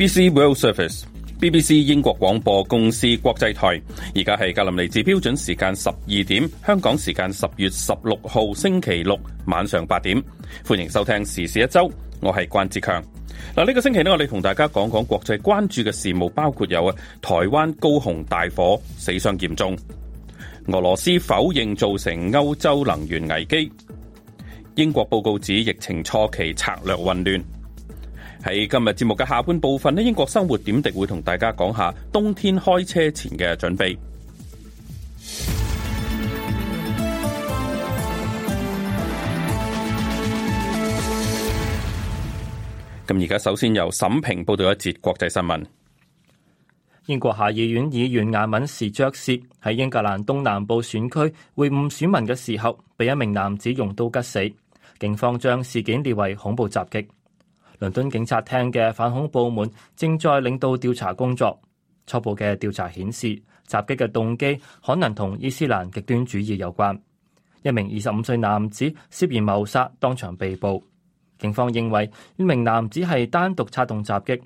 BBC World Service，BBC 英國廣播公司國際台，而家係格林尼治標準時間十二點，香港時間十月十六號星期六晚上八點，歡迎收聽時事一周，我係關志強。嗱，呢個星期咧，我哋同大家講講國際關注嘅事務，包括有啊，台灣高雄大火死傷嚴重，俄羅斯否認造成歐洲能源危機，英國報告指疫情初期策略混亂。喺今日節目嘅下半部分咧，英國生活點滴會同大家講下冬天開車前嘅準備。咁而家首先由沈平報道一節國際新聞。英國下議院議員亞敏士爵士喺英格蘭東南部選區會晤選民嘅時候，被一名男子用刀拮死，警方將事件列為恐怖襲擊。倫敦警察廳嘅反恐部門正在領導調查工作。初步嘅調查顯示，襲擊嘅動機可能同伊斯蘭極端主義有關。一名二十五歲男子涉嫌謀殺，當場被捕。警方認為呢名男子係單獨策動襲擊。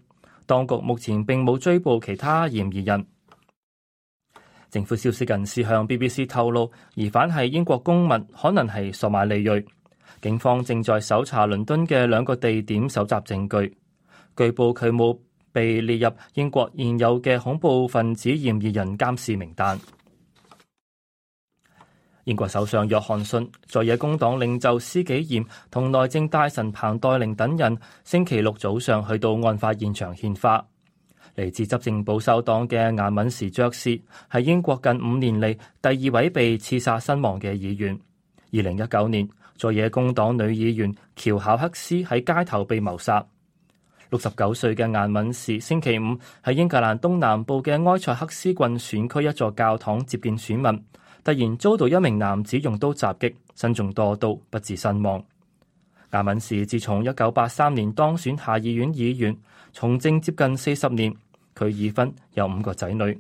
當局目前並冇追捕其他嫌疑人。政府消息人士向 BBC 透露，疑犯係英國公民，可能係索馬利裔。警方正在搜查倫敦嘅兩個地點，搜集證據。據報佢冇被列入英國現有嘅恐怖分子嫌疑人監視名單。英國首相約翰遜在野工黨領袖施紀賢同內政大臣彭黛玲等人星期六早上去到案發現場獻花。嚟自執政保守黨嘅亞敏時爵士係英國近五年嚟第二位被刺殺身亡嘅議員。二零一九年。在野工黨女議員喬考克斯喺街頭被謀殺。六十九歲嘅顏敏士星期五喺英格蘭東南部嘅埃塞克斯郡選區一座教堂接見選民，突然遭到一名男子用刀襲擊，身中多刀，不治身亡。顏敏士自從一九八三年當選下議院議員，從政接近四十年，佢已婚，有五個仔女。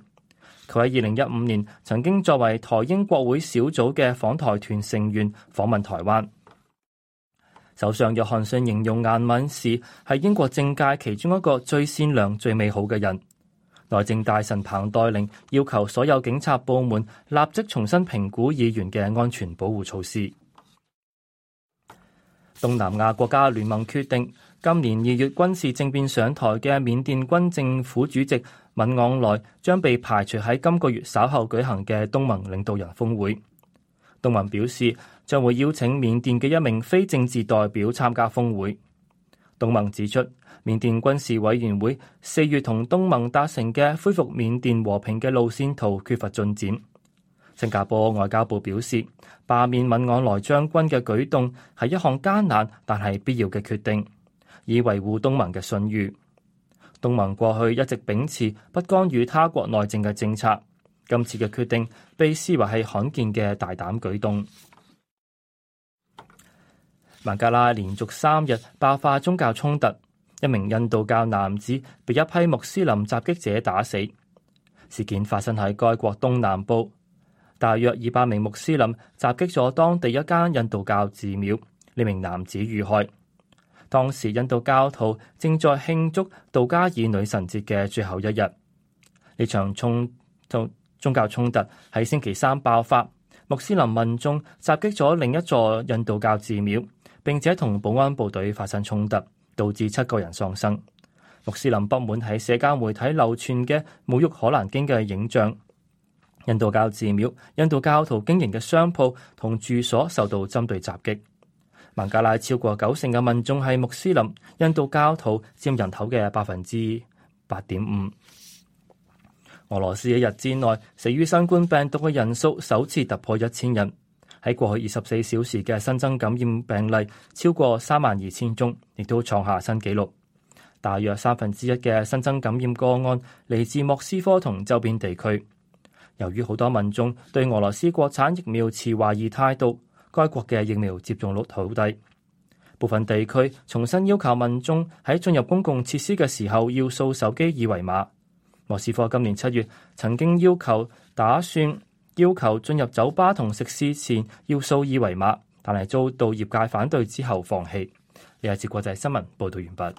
佢喺二零一五年曾經作為台英國會小組嘅訪台團成員訪問台灣。首相約翰遜形容顏敏氏係英國政界其中一個最善良、最美好嘅人。內政大臣彭黛玲要求所有警察部門立即重新評估議員嘅安全保護措施。東南亞國家聯盟決定，今年二月軍事政變上台嘅緬甸軍政府主席敏昂萊將被排除喺今個月稍後舉行嘅東盟領導人峰會。東盟表示，將會邀請緬甸嘅一名非政治代表參加峰會。東盟指出，緬甸軍事委員會四月同東盟達成嘅恢復緬甸和平嘅路線圖缺乏進展。新加坡外交部表示，罷免敏昂萊將軍嘅舉動係一項艱難但係必要嘅決定，以維護東盟嘅信譽。東盟過去一直秉持不干預他國內政嘅政策，今次嘅決定被視為係罕見嘅大膽舉動。孟加拉連續三日爆發宗教衝突，一名印度教男子被一批穆斯林襲擊者打死。事件發生喺該國東南部，大約二百名穆斯林襲擊咗當地一間印度教寺廟，呢名男子遇害。當時印度教徒正在慶祝杜加爾女神節嘅最後一日，呢場衝宗宗教衝突喺星期三爆發，穆斯林民眾襲擊咗另一座印度教寺廟，並且同保安部隊發生衝突，導致七個人喪生。穆斯林不滿喺社交媒體流傳嘅侮辱《可蘭經》嘅影像，印度教寺廟、印度教徒經營嘅商鋪同住所受到針對襲擊。孟加拉超過九成嘅民眾係穆斯林，印度教徒佔人口嘅百分之八點五。俄羅斯一日之內死於新冠病毒嘅人數首次突破一千人，喺過去二十四小時嘅新增感染病例超過三萬二千宗，亦都創下新紀錄。大約三分之一嘅新增感染個案嚟自莫斯科同周邊地區。由於好多民眾對俄羅斯國產疫苗持懷疑態度，該國嘅疫苗接種率好低，部分地區重新要求民眾喺進入公共設施嘅時候要掃手機二維碼。莫斯科今年七月曾經要求打算要求進入酒吧同食肆前要掃二維碼，但係遭到業界反對之後放棄。呢一次國際新聞報導完畢。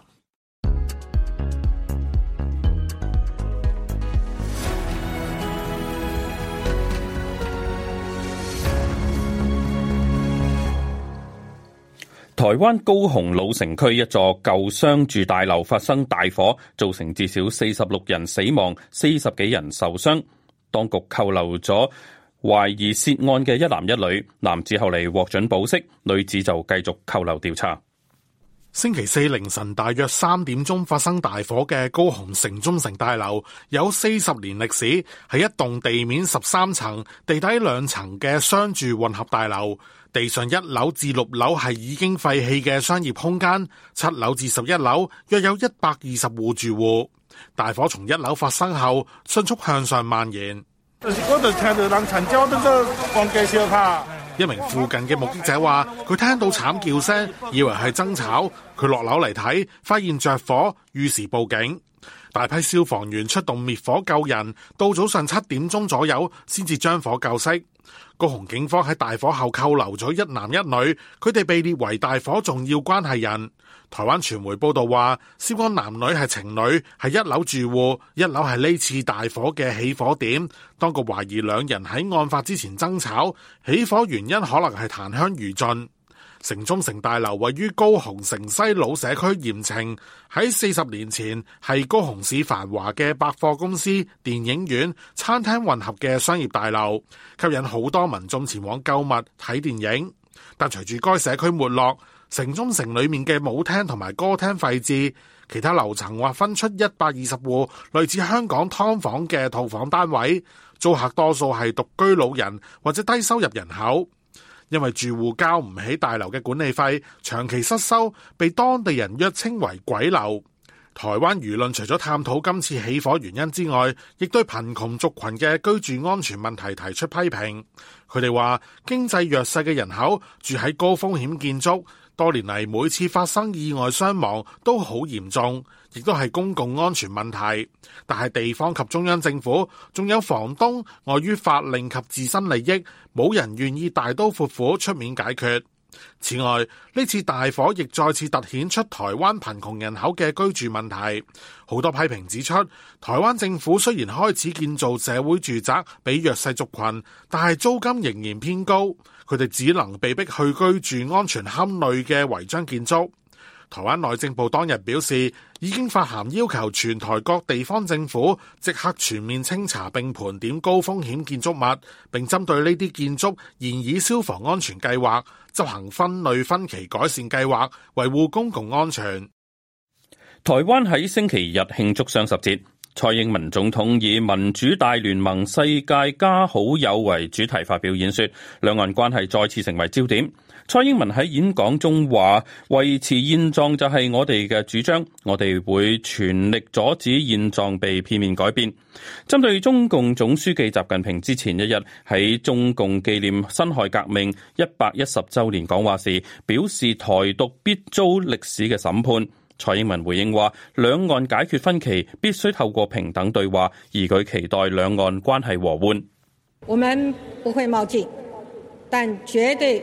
台灣高雄老城區一座舊商住大樓發生大火，造成至少四十六人死亡，四十幾人受傷。當局扣留咗懷疑涉案嘅一男一女，男子後嚟獲准保釋，女子就繼續扣留調查。星期四凌晨大約三點鐘發生大火嘅高雄城中城大樓，有四十年歷史，係一棟地面十三層、地底兩層嘅商住混合大樓。地上一樓至六樓係已經廢棄嘅商業空間，七樓至十一樓約有一百二十戶住戶。大火從一樓發生後，迅速向上蔓延。 一名附近嘅目擊者話，佢聽到慘叫聲，以為係爭吵。佢落樓嚟睇，發現着火，於是報警。大批消防員出動滅火救人，到早上七點鐘左右，先至將火救熄。高雄警方喺大火後扣留咗一男一女，佢哋被列為大火重要關係人。台灣傳媒報道話，涉案男女係情侶，係一樓住戶，一樓係呢次大火嘅起火點。當局懷疑兩人喺案發之前爭吵，起火原因可能係檀香餘燼。城中城大樓位於高雄城西老社區鹽埕。喺四十年前係高雄市繁華嘅百貨公司、電影院、餐廳混合嘅商業大樓，吸引好多民眾前往購物、睇電影。但隨住該社區沒落，城中城裏面嘅舞廳同埋歌廳廢置，其他樓層劃分出一百二十戶類似香港劏房嘅套房單位，租客多數係獨居老人或者低收入人口。因為住戶交唔起大樓嘅管理費，長期失修，被當地人約稱為鬼樓。台灣輿論除咗探討今次起火原因之外，亦對貧窮族群嘅居住安全問題提出批評。佢哋話，經濟弱勢嘅人口住喺高風險建築。多年嚟，每次發生意外傷亡都好嚴重，亦都係公共安全問題，但係地方及中央政府，仲有房東礙於法令及自身利益，冇人願意大刀闊斧出面解決，此外，呢次大火亦再次凸顯出台灣貧窮人口嘅居住問題，好多批評指出，台灣政府雖然開始建造社會住宅俾弱勢族群，但係租金仍然偏高，佢哋只能被迫去居住安全堪慮嘅違章建築。台灣內政部當日表示，已經發函要求全台各地方政府即刻全面清查並盤點高風險建築物，並針對呢啲建築，現以消防安全計劃，執行分類分期改善計劃，維護公共安全。台灣喺星期日慶祝雙十節。蔡英文總統以民主大聯盟世界加好友為主題發表演說，兩岸關係再次成為焦點。蔡英文喺演講中話：維持現狀就係我哋嘅主張，我哋會全力阻止現狀被片面改變。針對中共總書記習近平之前一日喺中共紀念辛亥革命一百一十周年講話時，表示台獨必遭歷史嘅審判。蔡英文回應話：兩岸解決分歧必須透過平等對話，而佢期待兩岸關係和緩。我們不會冒進，但絕對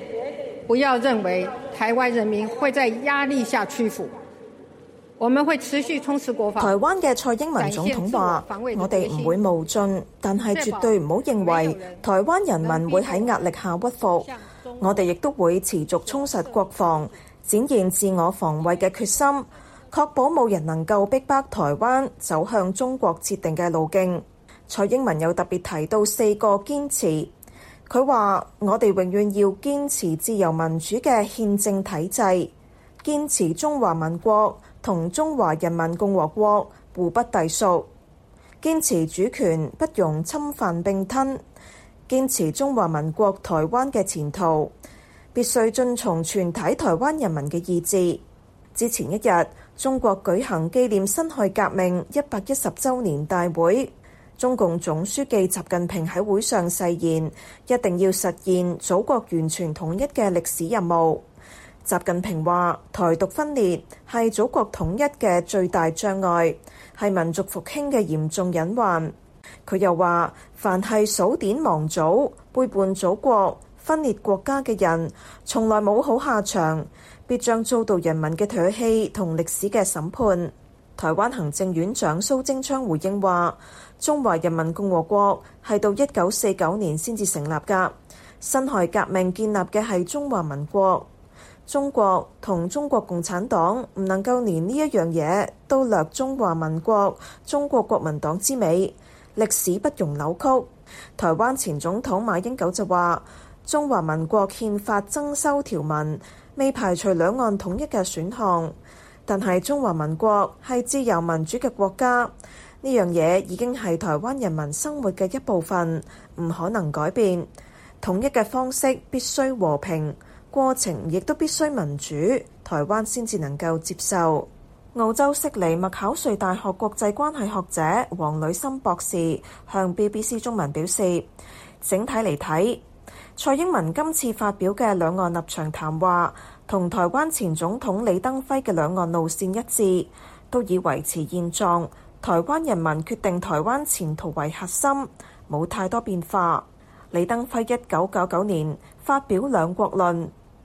不要認為台灣人民會在壓力下屈服。我們會持續充實國防。台灣嘅蔡英文總統話：我哋唔會冒進，但係絕對唔好認為台灣人民會喺壓力下屈服。我哋亦都會持續充實國防，展現自我防衛嘅決心。確保冇人能夠逼迫台灣走向中國設定嘅路徑。蔡英文又特別提到四個堅持，佢話：我哋永遠要堅持自由民主嘅憲政體制，堅持中華民國同中華人民共和國互不隸屬，堅持主權不容侵犯並吞，堅持中華民國台灣嘅前途必須遵從全體台灣人民嘅意志。之前一日，中國舉行紀念辛亥革命一百一十周年大會，中共總書記習近平喺會上誓言，一定要實現祖國完全統一嘅歷史任務。習近平話，台獨分裂係祖國統一嘅最大障礙，係民族復興嘅嚴重隱患。佢又話，凡係數典忘祖、背叛祖國、分裂國家嘅人，從來冇好下場。必將遭到人民嘅唾棄同歷史嘅審判。台灣行政院長蘇貞昌回應話：中華人民共和國係到一九四九年先至成立噶辛亥革命建立嘅係中華民國，中國同中國共產黨唔能夠連呢一樣嘢都略中華民國、中國國民黨之美，歷史不容扭曲。台灣前總統馬英九就話：中華民國憲法增修條文。未排除兩岸統一嘅選項，但係中華民國係自由民主嘅國家，呢樣嘢已經係台灣人民生活嘅一部分，唔可能改變。統一嘅方式必須和平，過程亦都必須民主，台灣先至能夠接受。澳洲悉尼墨考瑞大學國際關係學者黃履森博士向 BBC 中文表示，整體嚟睇，蔡英文今次發表嘅兩岸立場談話，同台灣前總統李登輝嘅兩岸路線一致，都以維持現狀、台灣人民決定台灣前途為核心，冇太多變化。李登輝一九九九年發表《兩國論》，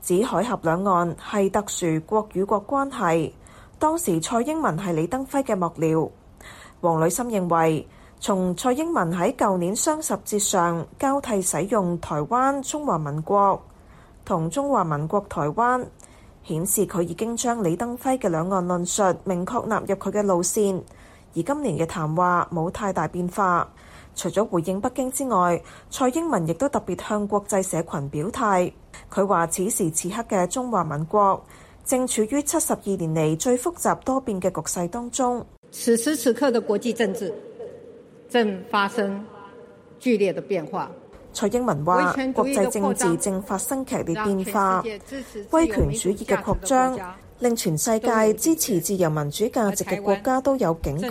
指海峽兩岸係特殊國與國關係，當時蔡英文係李登輝嘅幕僚。黃旅森認為。從蔡英文喺舊年雙十節上交替使用台灣、中華民國同中華民國台灣，顯示佢已經將李登輝嘅兩岸論述明確納入佢嘅路線。而今年嘅談話冇太大變化，除咗回應北京之外，蔡英文亦都特別向國際社群表態。佢話：此時此刻嘅中華民國正處於七十二年嚟最複雜多變嘅局勢當中。此時此刻嘅國際政治正發生劇烈嘅變化。蔡英文話：國際政治正發生劇烈變化，威權主義嘅擴張令全世界支持自由民主價值嘅國家都有警覺。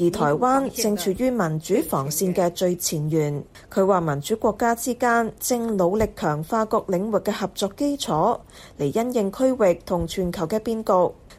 而台灣正處於民主防線嘅最前沿。佢話、嗯：民主國家之間正努力強化各領域嘅合作基礎，嚟因應區域同全球嘅變局。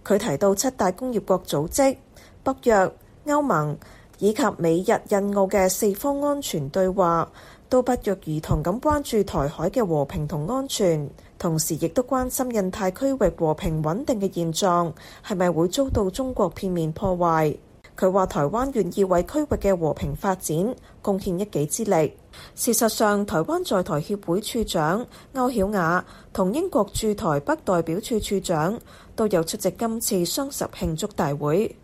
佢提到七大工業國組織、北約、歐盟。以及美日印澳嘅四方安全對話都不約而同咁關注台海嘅和平同安全，同時亦都關心印太區域和平穩定嘅現狀，係咪會遭到中國片面破壞，佢話台灣願意為區域嘅和平發展貢獻一己之力。事實上，台灣在台協會處長歐曉雅同英國駐台北代表處處長都有出席今次雙十慶祝大會。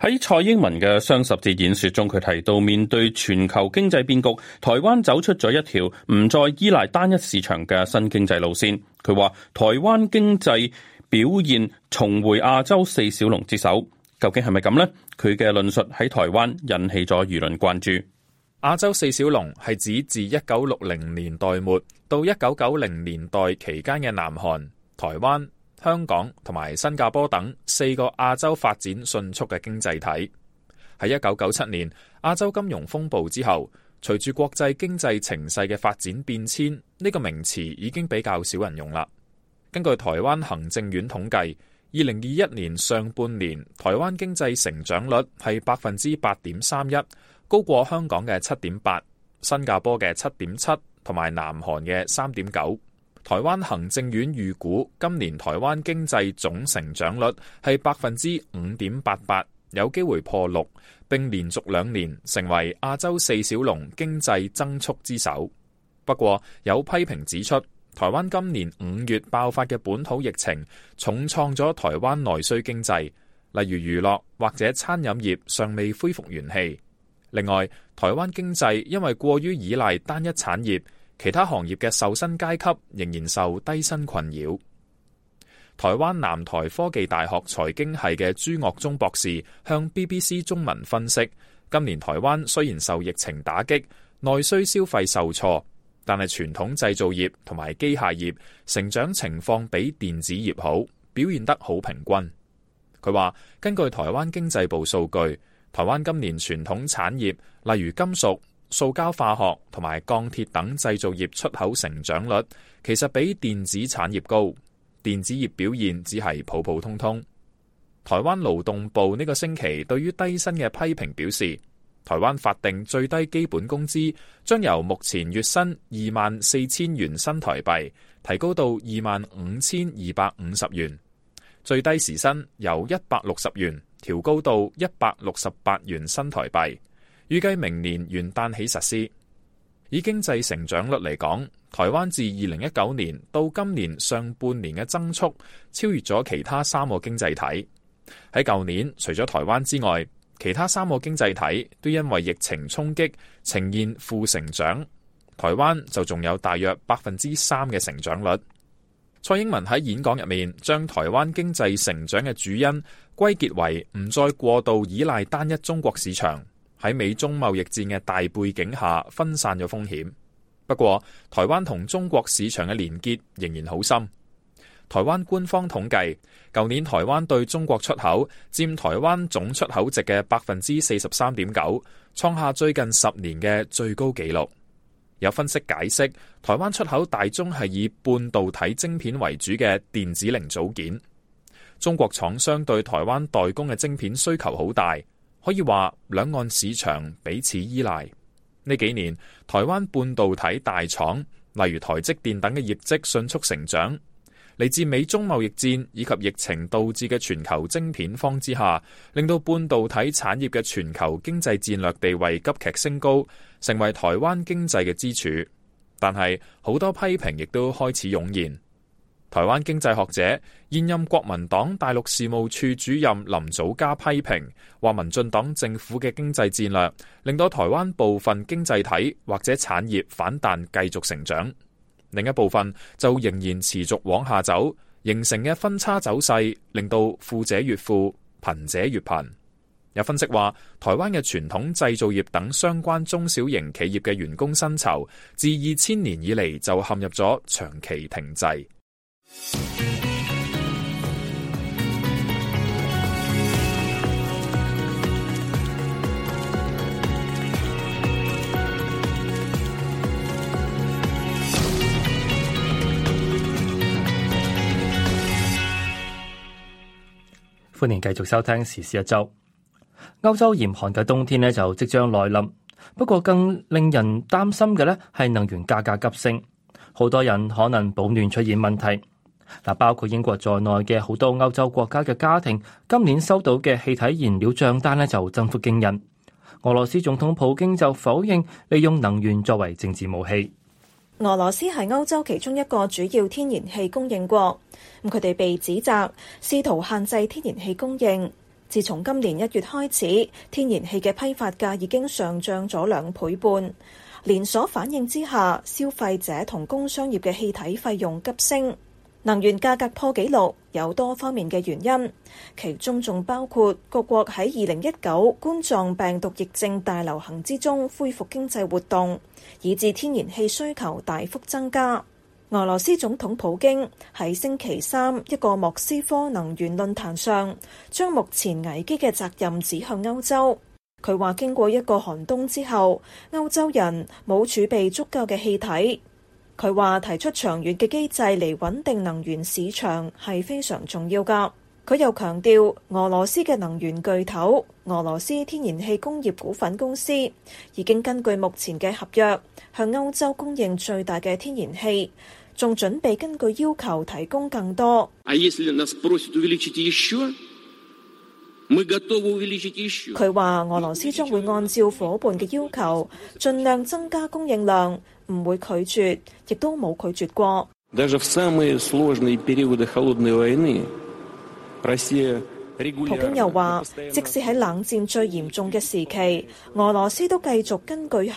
喺蔡英文嘅雙十節演說中，佢提到面對全球經濟變局，台灣走出咗一條唔再依賴單一市場嘅新經濟路線。佢話台灣經濟表現重回亞洲四小龍之首，究竟係咪咁呢？佢嘅論述喺台灣引起咗輿論關注。亞洲四小龍係指自一九六零年代末到一九九零年代期間嘅南韓、台灣。香港同埋新加坡等四個亞洲發展迅速嘅經濟體，喺一九九七年亞洲金融風暴之後，隨住國際經濟情勢嘅發展變遷，呢個名詞已經比較少人用啦。根據台灣行政院統計，二零二一年上半年台灣經濟成長率係百分之八點三一，高過香港嘅七點八、新加坡嘅七點七同埋南韓嘅三點九。台灣行政院預估今年台灣經濟總成長率係百分之五點八八，有機會破六，並連續兩年成為亞洲四小龍經濟增速之首。不過，有批評指出，台灣今年五月爆發嘅本土疫情，重創咗台灣內需經濟，例如娛樂或者餐飲業尚未恢復元氣。另外，台灣經濟因為過於依賴單一產業。其他行業嘅受薪階級仍然受低薪困擾。台灣南台科技大學財經系嘅朱岳忠博士向 BBC 中文分析，今年台灣雖然受疫情打擊，內需消費受挫，但係傳統製造業同埋機械業成長情況比電子業好，表現得好平均。佢話：根據台灣經濟部數據，台灣今年傳統產業例如金屬，塑膠化學同埋鋼鐵等製造業出口成長率，其實比電子產業高。電子業表現只係普普通通。台灣勞動部呢個星期對於低薪嘅批評表示，台灣法定最低基本工資將由目前月薪二萬四千元新台幣提高到二萬五千二百五十元，最低時薪由一百六十元調高到一百六十八元新台幣。預計明年元旦起實施。以經濟成長率嚟講，台灣自二零一九年到今年上半年嘅增速超越咗其他三個經濟體。喺舊年，除咗台灣之外，其他三個經濟體都因為疫情衝擊呈現負成長。台灣就仲有大約百分之三嘅成長率。蔡英文喺演講入面將台灣經濟成長嘅主因歸結為唔再過度依賴單一中國市場。喺美中貿易戰嘅大背景下，分散咗風險。不過，台灣同中國市場嘅連結仍然好深。台灣官方統計，舊年台灣對中國出口佔台灣總出口值嘅百分之四十三點九，創下最近十年嘅最高紀錄。有分析解釋，台灣出口大宗係以半導體晶片為主嘅電子零組件，中國廠商對台灣代工嘅晶片需求好大。可以話兩岸市場彼此依賴。呢幾年，台灣半導體大廠，例如台積電等嘅業績迅速成長，嚟自美中貿易戰以及疫情導致嘅全球晶片荒之下，令到半導體產業嘅全球經濟戰略地位急劇升高，成為台灣經濟嘅支柱。但係好多批評亦都開始湧現。台灣經濟學者、現任國民黨大陸事務處主任林祖嘉批評話，民進黨政府嘅經濟戰略令到台灣部分經濟體或者產業反彈，繼續成長；另一部分就仍然持續往下走，形成嘅分差走勢，令到富者越富，貧者越貧。有分析話，台灣嘅傳統製造業等相關中小型企業嘅員工薪酬，自二千年以嚟，就陷入咗長期停滯。歡迎繼續收聽時事一周。歐洲嚴寒嘅冬天呢就即將來臨，不過更令人擔心嘅呢係能源價格急升，好多人可能保暖出現問題。嗱，包括英國在內嘅好多歐洲國家嘅家庭，今年收到嘅氣體燃料賬單咧就增幅驚人。俄羅斯總統普京就否認利用能源作為政治武器。俄羅斯係歐洲其中一個主要天然氣供應國，佢哋被指責試圖限制天然氣供應。自從今年一月開始，天然氣嘅批發價已經上漲咗兩倍半，連鎖反應之下，消費者同工商業嘅氣體費用急升。能源價格破紀錄有多方面嘅原因，其中仲包括各國喺二零一九冠狀病毒疫症大流行之中恢復經濟活動，以致天然氣需求大幅增加。俄羅斯總統普京喺星期三一個莫斯科能源論壇上，將目前危機嘅責任指向歐洲。佢話經過一個寒冬之後，歐洲人冇儲備足夠嘅氣體。佢話提出長遠嘅機制嚟穩定能源市場係非常重要㗎。佢又強調，俄羅斯嘅能源巨頭俄羅斯天然氣工業股份公司已經根據目前嘅合約，向歐洲供應最大嘅天然氣，仲準備根據要求提供更多。佢話俄羅斯將會按照伙伴嘅要求，盡量增加供應量。即使，喺冷戰最嚴重嘅時期，俄羅斯都繼續根據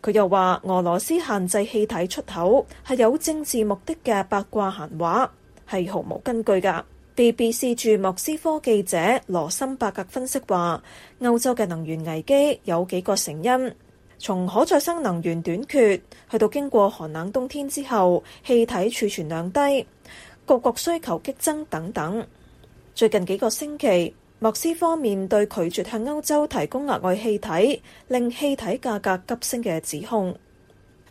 佢又話：俄羅斯限制氣體出口係有政治目的嘅八卦閒話，係毫無根據㗎。BBC 駐莫斯科記者羅森伯格分析話：歐洲嘅能源危機有幾個成因，從可再生能源短缺，去到經過寒冷冬天之後，氣體儲存量低，各國需求激增等等。最近幾個星期。莫斯科面對拒絕向歐洲提供額外氣體，令氣體價格急升嘅指控。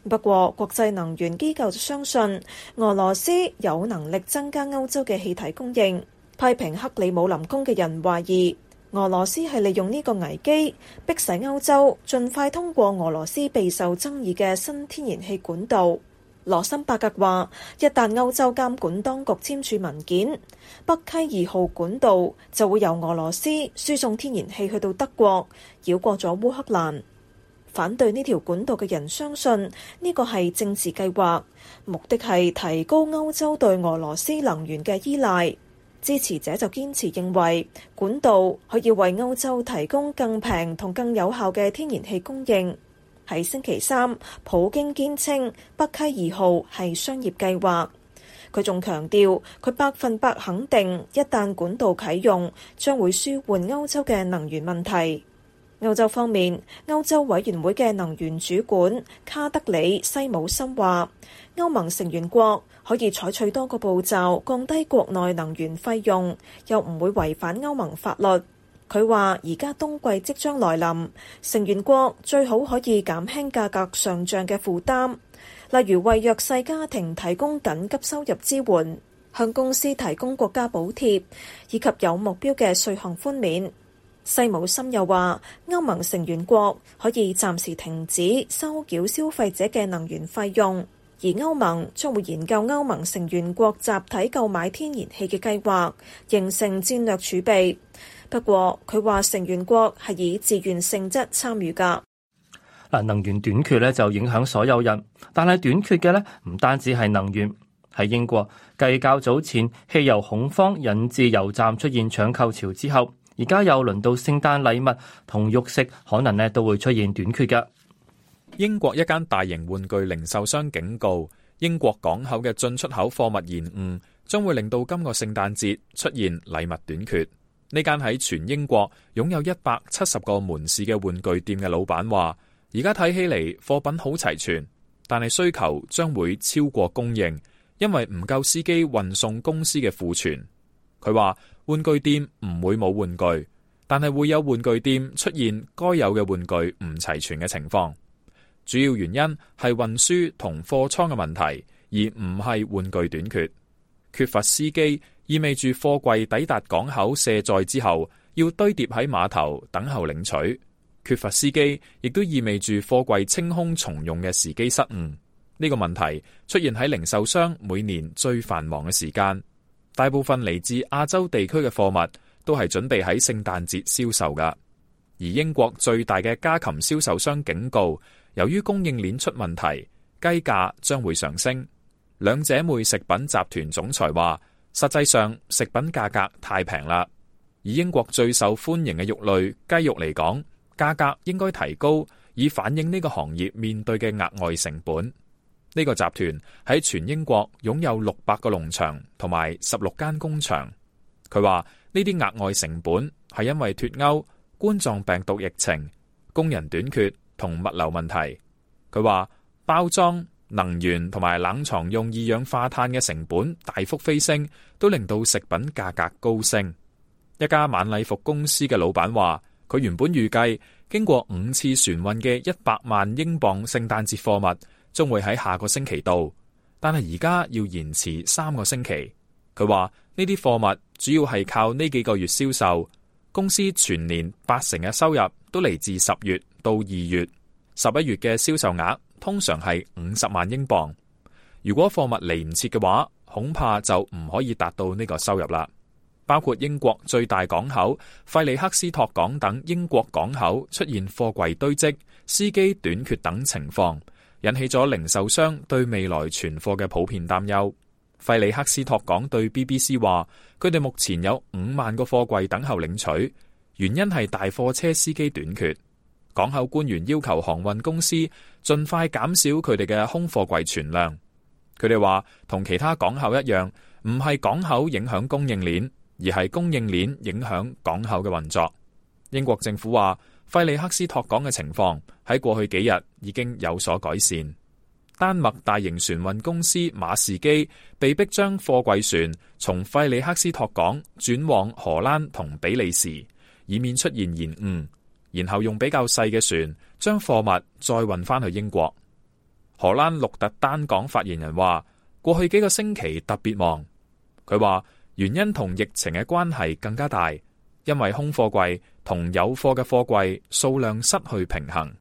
不過，國際能源機構就相信俄羅斯有能力增加歐洲嘅氣體供應。批評克里姆林宮嘅人懷疑俄羅斯係利用呢個危機，逼使歐洲盡快通過俄羅斯備受爭議嘅新天然氣管道。羅森伯格話：一旦歐洲監管當局簽署文件，北溪二號管道就會由俄羅斯輸送天然氣去到德國，繞過咗烏克蘭。反對呢條管道嘅人相信，呢個係政治計劃，目的係提高歐洲對俄羅斯能源嘅依賴。支持者就堅持認為，管道可以為歐洲提供更平同更有效嘅天然氣供應。喺星期三，普京堅稱北溪二號係商業計劃。佢仲強調，佢百分百肯定一旦管道啟用，將會舒緩歐洲嘅能源問題。歐洲方面，歐洲委員會嘅能源主管卡德里·西姆森話：歐盟成員國可以採取多個步驟，降低國內能源費用，又唔會違反歐盟法律。佢話：而家冬季即將來臨，成員國最好可以減輕價格上漲嘅負擔，例如為弱勢家庭提供緊急收入支援，向公司提供國家補貼，以及有目標嘅稅項寬免。西姆森又話：歐盟成員國可以暫時停止收繳消費者嘅能源費用，而歐盟將會研究歐盟成員國集體購買天然氣嘅計劃，形成戰略儲備。不過佢話，成員國係以自願性質參與噶嗱。能源短缺咧就影響所有人，但係短缺嘅咧唔單止係能源。喺英國繼較早前汽油恐慌引致油站出現搶購潮之後，而家又輪到聖誕禮物同肉食可能咧都會出現短缺㗎。英國一間大型玩具零售商警告，英國港口嘅進出口貨物延誤，將會令到今個聖誕節出現禮物短缺。呢間喺全英國擁有一百七十個門市嘅玩具店嘅老板話，而家睇起嚟貨品好齊全，但係需求將會超過供應，因為唔夠司機運送公司嘅庫存。佢話玩具店唔會冇玩具，但係會有玩具店出現該有嘅玩具唔齊全嘅情況。主要原因係運輸同貨倉嘅問題，而唔係玩具短缺，缺乏司機。意味住貨櫃抵達港口卸載之後，要堆疊喺碼頭等候領取，缺乏司機亦都意味住貨櫃清空重用嘅時機失誤。呢個問題出現喺零售商每年最繁忙嘅時間，大部分嚟自亞洲地區嘅貨物都係準備喺聖誕節銷售噶。而英國最大嘅家禽銷售商警告，由於供應鏈出問題，雞價將會上升。兩姐妹食品集團總裁話。實際上，食品價格太平啦。以英國最受歡迎嘅肉類雞肉嚟講，價格應該提高，以反映呢個行業面對嘅額外成本。呢個集團喺全英國擁有六百個農場同埋十六間工場。佢話呢啲額外成本係因為脫歐、冠狀病毒疫情、工人短缺同物流問題。佢話包裝，能源同埋冷藏用二氧化碳嘅成本大幅飛升，都令到食品價格高升。一家晚禮服公司嘅老闆話：佢原本預計經過五次船運嘅一百萬英鎊聖誕節貨物，將會喺下個星期到，但係而家要延遲三個星期。佢話呢啲貨物主要係靠呢幾個月銷售，公司全年八成嘅收入都嚟自十月到二月十一月嘅銷售額。通常係五十萬英鎊。如果貨物嚟唔切嘅話，恐怕就唔可以達到呢個收入啦。包括英國最大港口費利克斯托港等英國港口出現貨櫃堆積、司機短缺等情況，引起咗零售商對未來存貨嘅普遍擔憂。費利克斯托港對 BBC 話，佢哋目前有五萬個貨櫃等候領取，原因係大貨車司機短缺。港口官員要求航運公司盡快減少佢哋嘅空貨櫃存量。佢哋話，同其他港口一樣，唔係港口影響供應鏈，而係供應鏈影響港口嘅運作。英國政府話，費利克斯托港嘅情況喺過去幾日已經有所改善。丹麥大型船運公司馬士基被迫將貨櫃船從費利克斯托港轉往荷蘭同比利時，以免出現延誤。然後用比較細嘅船將貨物再運翻去英國。荷蘭鹿特丹港發言人話，過去幾個星期特別忙。佢話原因同疫情嘅關係更加大，因為空貨櫃同有貨嘅貨櫃數量失去平衡。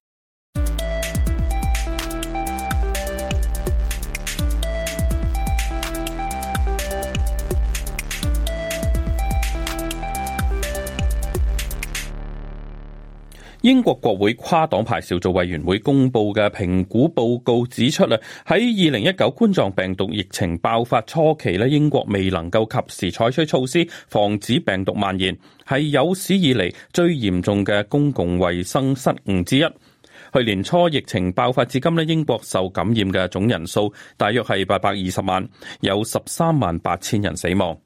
英國國會跨黨派小組委員會公布嘅評估報告指出咧，喺二零一九冠狀病毒疫情爆發初期咧，英國未能夠及時採取措施防止病毒蔓延，係有史以嚟最嚴重嘅公共衛生失誤之一。去年初疫情爆發至今咧，英國受感染嘅總人數大約係八百二十萬，有十三萬八千人死亡。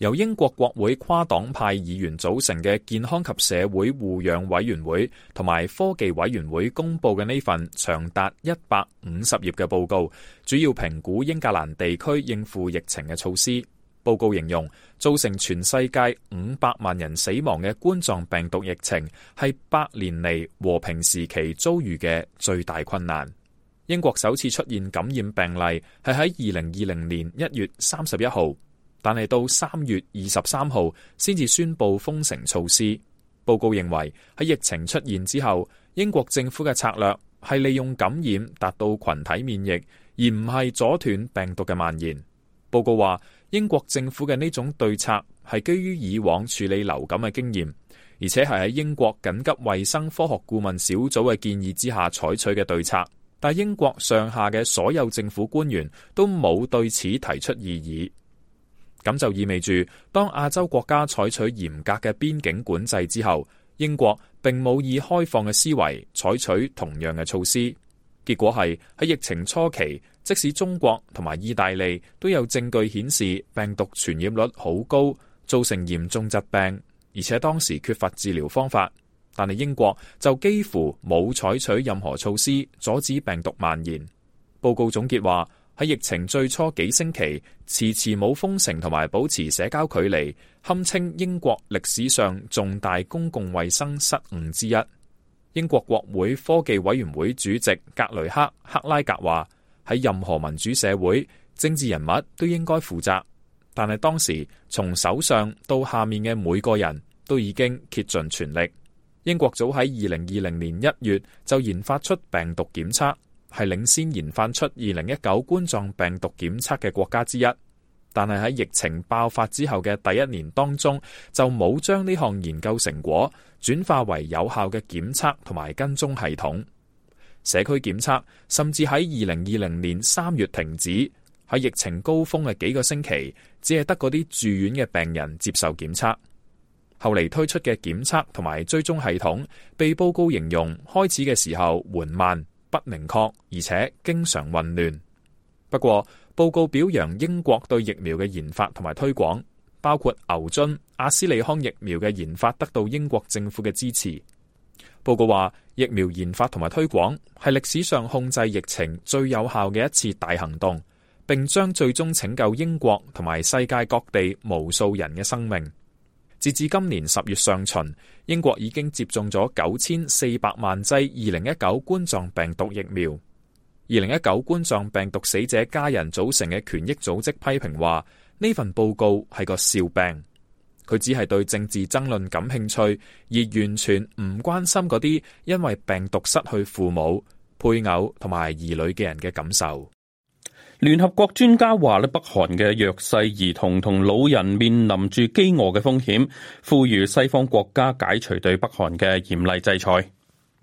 由英國國會跨黨派議員組成嘅健康及社會護養委員會同埋科技委員會公布嘅呢份長達一百五十頁嘅報告，主要評估英格蘭地區應付疫情嘅措施。報告形容，造成全世界五百萬人死亡嘅冠狀病毒疫情係百年嚟和平時期遭遇嘅最大困難。英國首次出現感染病例係喺二零二零年一月三十一號。但係到三月二十三號先至宣布封城措施。報告認為喺疫情出現之後，英國政府嘅策略係利用感染達到群體免疫，而唔係阻斷病毒嘅蔓延。報告話，英國政府嘅呢種對策係基於以往處理流感嘅經驗，而且係喺英國緊急衛生科學顧問小組嘅建議之下採取嘅對策。但英國上下嘅所有政府官員都冇對此提出異議。咁就意味住，當亞洲國家採取嚴格嘅邊境管制之後，英國並冇以開放嘅思維採取同樣嘅措施。結果係，喺疫情初期，即使中國同埋意大利都有證據顯示病毒傳染率好高，造成嚴重疾病，而且當時缺乏治療方法。但係英國就幾乎冇採取任何措施阻止病毒蔓延。報告總結話。喺疫情最初幾星期，遲遲冇封城同埋保持社交距離，堪稱英國歷史上重大公共衛生失誤之一。英國國會科技委員會主席格雷克·克拉格話：喺任何民主社會，政治人物都應該負責。但係當時從首相到下面嘅每個人都已經竭盡全力。英國早喺二零二零年一月就研發出病毒檢測。係領先研發出二零一九冠狀病毒檢測嘅國家之一，但係喺疫情爆發之後嘅第一年當中，就冇將呢項研究成果轉化為有效嘅檢測同埋跟蹤系統。社區檢測甚至喺二零二零年三月停止，喺疫情高峰嘅幾個星期，只係得嗰啲住院嘅病人接受檢測。後嚟推出嘅檢測同埋追蹤系統被報告形容開始嘅時候緩慢，不明確，而且經常混亂。不過，報告表揚英國對疫苗嘅研發同埋推廣，包括牛津、阿斯利康疫苗嘅研發得到英國政府嘅支持。報告話，疫苗研發同埋推廣係歷史上控制疫情最有效嘅一次大行動，並將最終拯救英國同埋世界各地無數人嘅生命。截至今年十月上旬，英國已經接種咗九千四百萬劑二零一九冠狀病毒疫苗。二零一九冠狀病毒死者家人組成嘅權益組織批評話，呢份報告係個笑柄。佢只係對政治爭論感興趣，而完全唔關心嗰啲因為病毒失去父母、配偶同埋兒女嘅人嘅感受。聯合國專家話咧，北韓嘅弱勢兒童同老人面臨住飢餓嘅風險，呼籲西方國家解除對北韓嘅嚴厲制裁。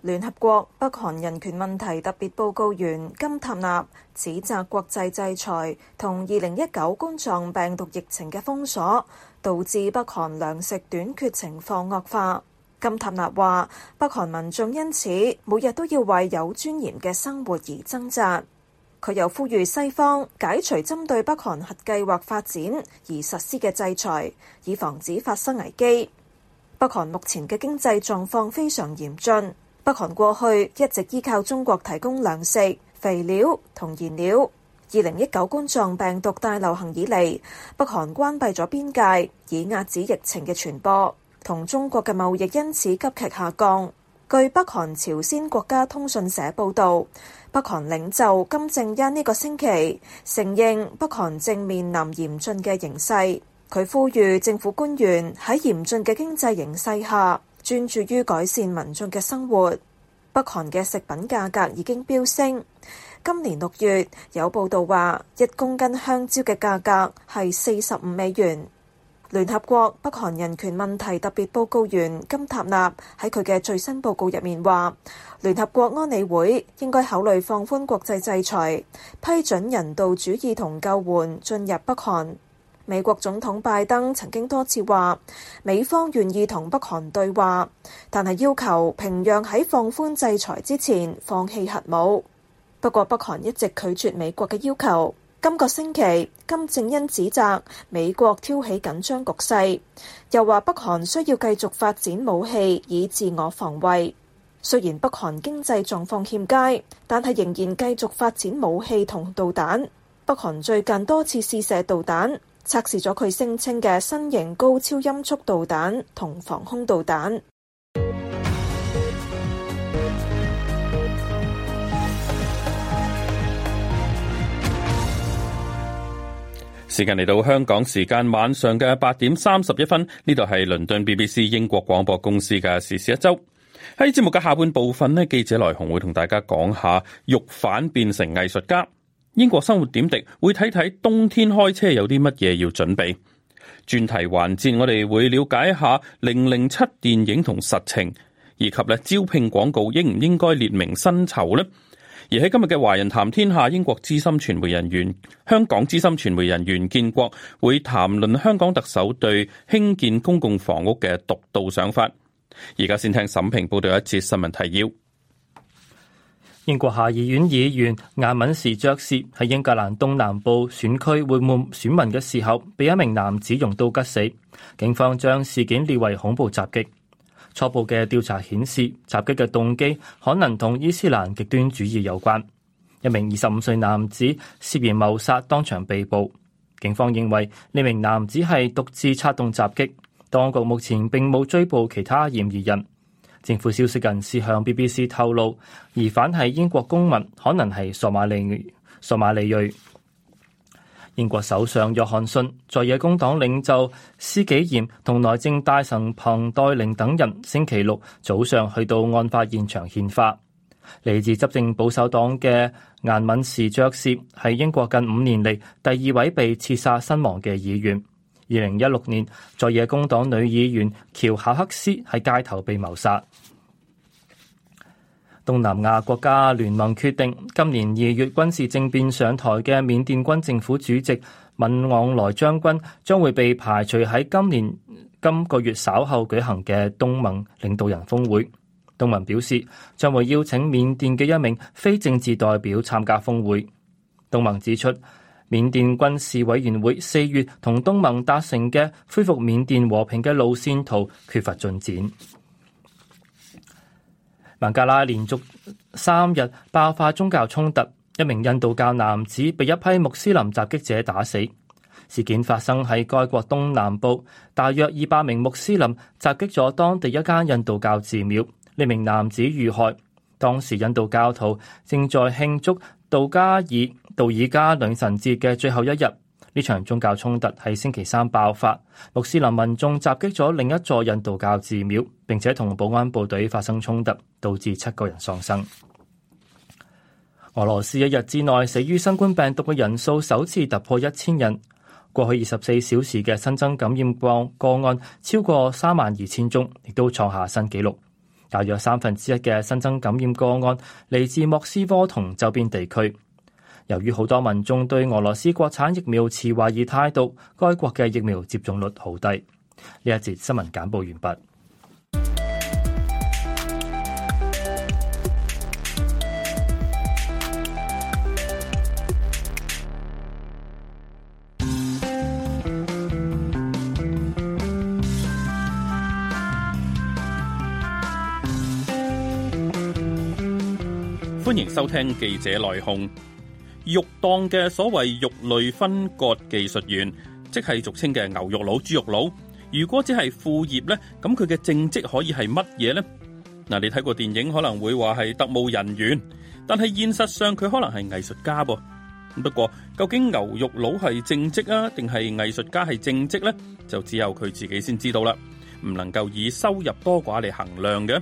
聯合國北韓人權問題特別報告員金塔納指責國際制裁同二零一九冠狀病毒疫情嘅封鎖，導致北韓糧食短缺情況惡化。金塔納話：北韓民眾因此每日都要為有尊嚴嘅生活而掙扎。佢又呼籲西方解除針對北韓核計劃發展而實施嘅制裁，以防止發生危機。北韓目前嘅經濟狀況非常嚴峻。北韓過去一直依靠中國提供糧食、肥料同燃料。二零一九冠狀病毒大流行以嚟，北韓關閉咗邊界，以壓止疫情嘅傳播，同中國嘅貿易因此急劇下降。據北韓朝鮮國家通訊社報道，北韓領袖金正恩呢個星期承認北韓正面臨嚴峻嘅形勢。佢呼籲政府官員喺嚴峻嘅經濟形勢下，專注於改善民眾嘅生活。北韓嘅食品價格已經飆升。今年六月有報道話，一公斤香蕉嘅價格係四十五美元。聯合國北韓人權問題特別報告員金塔納喺佢嘅最新報告入面話，聯合國安理會應該考慮放寬國際制裁，批准人道主義同救援進入北韓。美國總統拜登曾經多次話，美方願意同北韓對話，但係要求平壤喺放寬制裁之前放棄核武。不過北韓一直拒絕美國嘅要求。今個星期，金正恩指責美國挑起緊張局勢，又話北韓需要繼續發展武器以自我防衛。雖然北韓經濟狀況欠佳，但係仍然繼續發展武器同導彈。北韓最近多次試射導彈，測試咗佢聲稱嘅新型高超音速導彈同防空導彈。時間嚟到香港時間晚上嘅八點三十一分，呢度係倫敦 BBC 英國廣播公司嘅時事一周。喺節目嘅下半部分呢，記者來鴻會同大家講下肉販變成藝術家。英國生活點滴會睇睇冬天開車有啲乜嘢要準備。專題環節我哋會了解一下零零七電影同實情，以及咧招聘廣告應唔應該列明薪酬呢？而喺今日嘅《華人談天下》，英國資深傳媒人員、香港資深傳媒人員建國會談論香港特首對興建公共房屋嘅獨到想法。而家先聽沈平報道一節新聞提要。英國下議院議員亞敏士爵士喺英格蘭東南部選區會晤選民嘅時候，被一名男子用刀刺死，警方將事件列為恐怖襲擊。初步嘅調查顯示，襲擊嘅動機可能同伊斯蘭極端主義有關。一名二十五歲男子涉嫌謀殺當場被捕，警方認為呢名男子係獨自策動襲擊。當局目前並冇追捕其他嫌疑人。政府消息人士向 BBC 透露，疑犯係英國公民，可能係索馬利索馬利裔。英國首相約翰遜在野工黨領袖施紀賢同內政大臣彭黛玲等人星期六早上去到案發現場獻花。嚟自執政保守黨嘅顏敏時爵士係英國近五年嚟第二位被刺殺身亡嘅議員。二零一六年在野工黨女議員喬考克斯喺街頭被謀殺。東南亞國家聯盟決定，今年二月軍事政變上台嘅緬甸軍政府主席敏昂萊將軍將會被排除喺今年今個月稍後舉行嘅東盟領導人峰會。東盟表示，將會邀請緬甸嘅一名非政治代表參加峰會。東盟指出，緬甸軍事委員會四月同東盟達成嘅恢復緬甸和平嘅路線圖缺乏進展。孟加拉連續三日爆發宗教衝突，一名印度教男子被一批穆斯林襲擊者打死。事件發生喺該國東南部，大約二百名穆斯林襲擊咗當地一間印度教寺廟，呢名男子遇害。當時印度教徒正在慶祝杜加爾、杜爾加女神節嘅最後一日。呢場宗教衝突喺星期三爆發，穆斯林民眾襲擊咗另一座印度教寺廟，並且同保安部隊發生衝突，導致七個人喪生。俄羅斯一日之內死於新冠病毒嘅人數首次突破一千人，過去二十四小時嘅新增感染個個案超過三萬二千宗，亦都創下新紀錄。大約三分之一嘅新增感染個案嚟自莫斯科同周邊地區。由於好多民眾對俄羅斯國產疫苗持懷疑態度，該國嘅疫苗接種率好低。呢一節新聞簡報完畢。歡迎收聽記者來鴻。肉檔嘅所謂肉類分割技術員，即係俗稱嘅牛肉佬、豬肉佬。如果只係副業呢，咁佢嘅正職可以係乜嘢呢？嗱，你睇過電影可能會話係特務人員，但係現實上佢可能係藝術家噃。不過究竟牛肉佬係正職啊，定係藝術家係正職呢？就只有佢自己先知道啦。唔能夠以收入多寡嚟衡量嘅。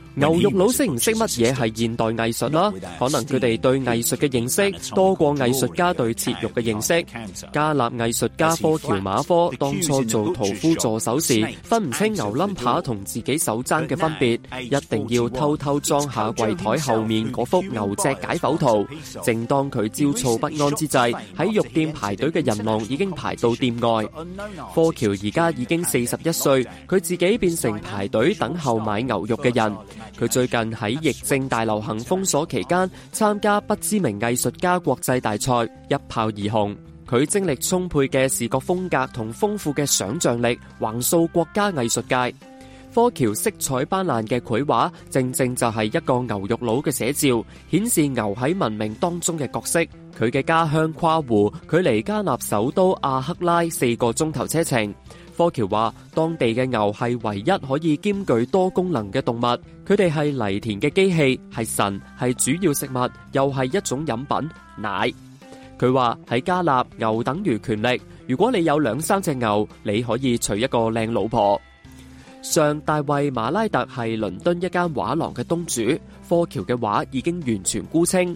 牛肉佬識唔識乜嘢係現代藝術啦？可能佢哋對藝術嘅認識多過藝術家對切肉嘅認識。加納藝術家科喬馬科當初做屠夫助手時，分唔清牛冧扒同自己手踭嘅分別，一定要偷偷裝下櫃台後面嗰幅牛隻解剖圖。正當佢焦躁不安之際，喺肉店排隊嘅人龍已經排到店外。科喬而家已經四十一歲，佢自己變成排隊等候買牛肉嘅人。佢最近喺疫症大流行封鎖期間參加不知名藝術家國際大賽，一炮而紅。佢精力充沛嘅視覺風格同豐富嘅想像力，橫掃國家藝術界。科喬色彩斑斕嘅繪畫，正正就係一個牛肉佬嘅寫照，顯示牛喺文明當中嘅角色。佢嘅家鄉跨湖，距離加納首都阿克拉四個鐘頭車程。科喬話：當地嘅牛係唯一可以兼具多功能嘅動物，佢哋係犁田嘅機器，係神，係主要食物，又係一種飲品奶。佢話喺加納，牛等於權力。如果你有兩三隻牛，你可以娶一個靚老婆。上大衛馬拉特係倫敦一間畫廊嘅東主，科喬嘅畫已經完全沽清。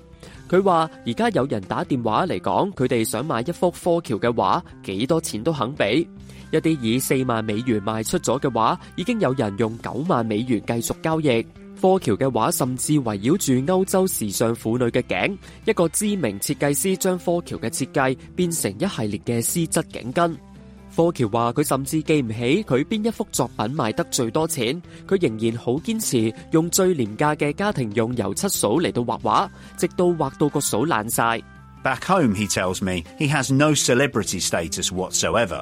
佢話而家有人打電話嚟講，佢哋想買一幅科喬嘅畫，幾多錢都肯俾。一啲以四萬美元賣出咗嘅畫，已經有人用九萬美元繼續交易。科喬嘅畫甚至圍繞住歐洲時尚婦女嘅頸，一個知名設計師將科喬嘅設計變成一系列嘅絲質頸巾。科喬話佢甚至記唔起佢邊一幅作品賣得最多錢，佢仍然好堅持用最廉價嘅家庭用油漆掃嚟到畫畫，直到畫到個掃爛晒。Back home, he tells me he has no celebrity status whatsoever.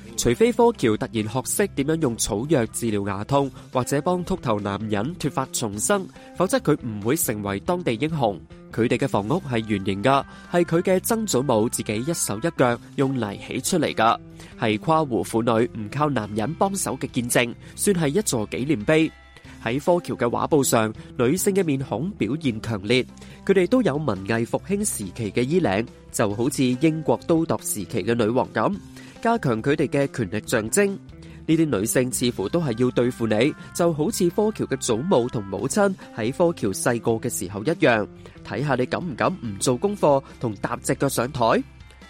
除非科喬突然學識點樣用草藥治療牙痛，或者幫禿頭男人脫髮重生，否則佢唔會成為當地英雄。佢哋嘅房屋係圓形噶，係佢嘅曾祖母自己一手一腳用泥起出嚟噶，係跨湖婦女唔靠男人幫手嘅見證，算係一座紀念碑。喺科喬嘅畫布上，女性嘅面孔表現強烈，佢哋都有文藝復興時期嘅衣領，就好似英國都鐸時期嘅女王咁。加強佢哋嘅權力象徵，呢啲女性似乎都係要對付你，就好似科喬嘅祖母同母親喺科喬細個嘅時候一樣，睇下你敢唔敢唔做功課同踏直腳上台。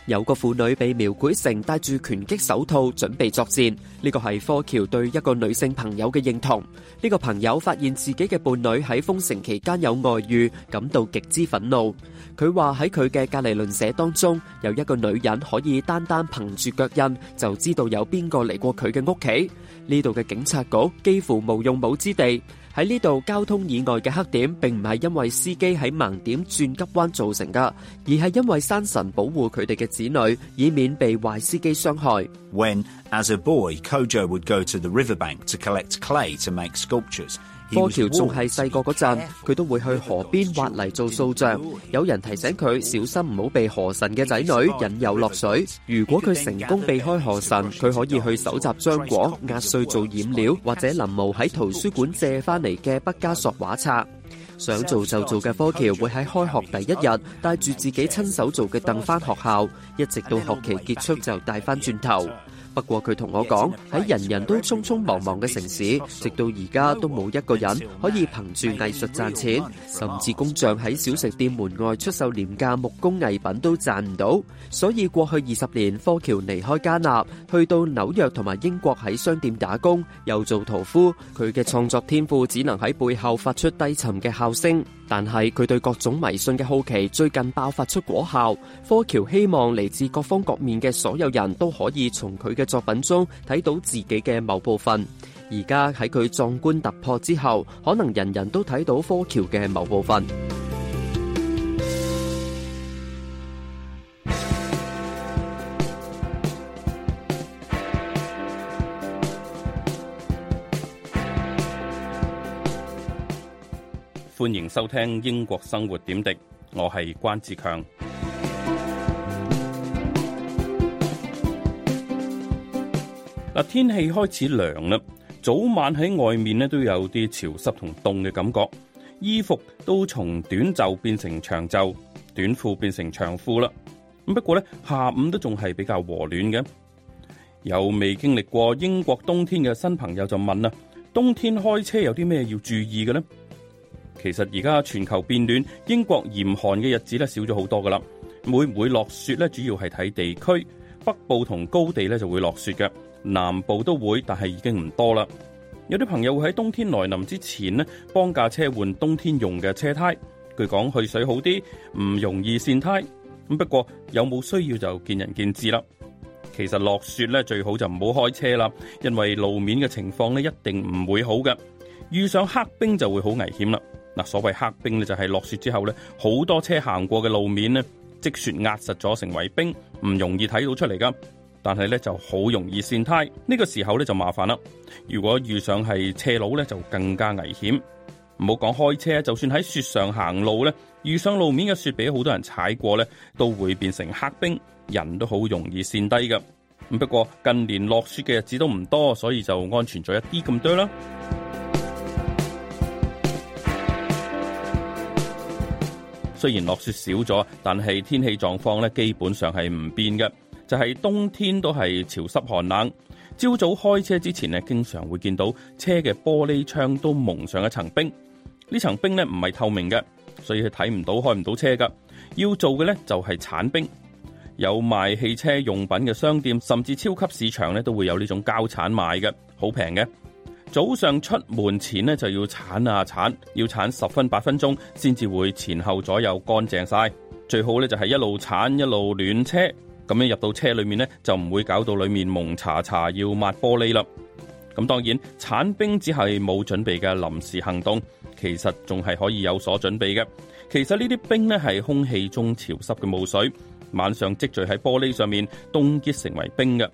有個婦女被描繪成戴住拳擊手套準備作戰，呢個係科喬對一個女性朋友嘅認同。呢個朋友發現自己嘅伴侶喺封城期間有外遇，感到極之憤怒。佢話喺佢嘅隔離鄰舍當中，有一個女人可以單單憑住腳印就知道有邊個嚟過佢嘅屋企。呢度嘅警察局幾乎無用武之地。喺呢度交通意外嘅黑點並唔係因為司機喺盲點轉急彎造成嘅，而係因為山神保護佢哋嘅子女，以免被壞司機傷害。When as a boy, Kojo would go to the riverbank to collect clay to make sculptures. 科喬仲係細個嗰陣，佢都會去河邊挖泥做塑像。有人提醒佢小心唔好被河神嘅仔女引誘落水。如果佢成功避開河神，佢可以去搜集漿果，壓碎做染料，或者臨摹喺圖書館借翻嚟嘅畢加索畫冊。想做就做嘅科喬會喺開學第一日帶住自己親手做嘅凳翻學校，一直到學期結束就帶翻轉頭。不過佢同我講，喺人人都匆匆忙忙嘅城市，直到而家都冇一個人可以憑住藝術賺錢，甚至工匠喺小食店門外出售廉價木工藝品都賺唔到。所以過去二十年，科喬離開加納，去到紐約同埋英國喺商店打工，又做屠夫。佢嘅創作天賦只能喺背後發出低沉嘅笑聲。但係佢對各種迷信嘅好奇最近爆發出果效。科喬希望嚟自各方各面嘅所有人都可以從佢嘅作品中睇到自己嘅某部分。而家喺佢壯觀突破之後，可能人人都睇到科喬嘅某部分。歡迎收聽英國生活點滴，我係關志強。嗱，天氣開始涼啦，早晚喺外面呢都有啲潮濕同凍嘅感覺，衣服都從短袖變成長袖，短褲變成長褲啦。咁不過呢，下午都仲係比較和暖嘅。有未經歷過英國冬天嘅新朋友就問啦：冬天開車有啲咩要注意嘅呢？其實而家全球變暖，英國嚴寒嘅日子咧少咗好多㗎喇。會唔會落雪咧？主要係睇地區北部同高地咧就會落雪嘅，南部都會，但係已經唔多啦。有啲朋友會喺冬天來臨之前咧幫架車換冬天用嘅車胎，據講去水好啲，唔容易跣胎。咁不過有冇需要就見仁見智啦。其實落雪咧最好就唔好開車啦，因為路面嘅情況咧一定唔會好嘅，遇上黑冰就會好危險啦。嗱，所謂黑冰咧，就係落雪之後咧，好多車行過嘅路面咧，積雪壓實咗成為冰，唔容易睇到出嚟噶。但係咧就好容易跣胎，呢、這個時候咧就麻煩啦。如果遇上係斜路咧，就更加危險。唔好講開車，就算喺雪上行路咧，遇上路面嘅雪俾好多人踩過咧，都會變成黑冰，人都好容易跣低噶。不過近年落雪嘅日子都唔多，所以就安全咗一啲咁多啦。雖然落雪少咗，但係天氣狀況咧基本上係唔變嘅，就係、是、冬天都係潮濕寒冷。朝早開車之前咧，經常會見到車嘅玻璃窗都蒙上一層冰，呢層冰咧唔係透明嘅，所以佢睇唔到開唔到車噶。要做嘅咧就係鏟冰，有賣汽車用品嘅商店甚至超級市場咧都會有呢種膠鏟賣嘅，好平嘅。早上出門前呢，就要鏟啊鏟，要鏟十分八分鐘先至會前後左右乾淨晒。最好呢，就係一路鏟一路暖車，咁樣一入到車裏面呢，就唔會搞到裏面蒙查查，要抹玻璃啦。咁當然鏟冰只係冇準備嘅臨時行動，其實仲係可以有所準備嘅。其實呢啲冰呢，係空氣中潮濕嘅霧水，晚上積聚喺玻璃上面凍結成為冰嘅。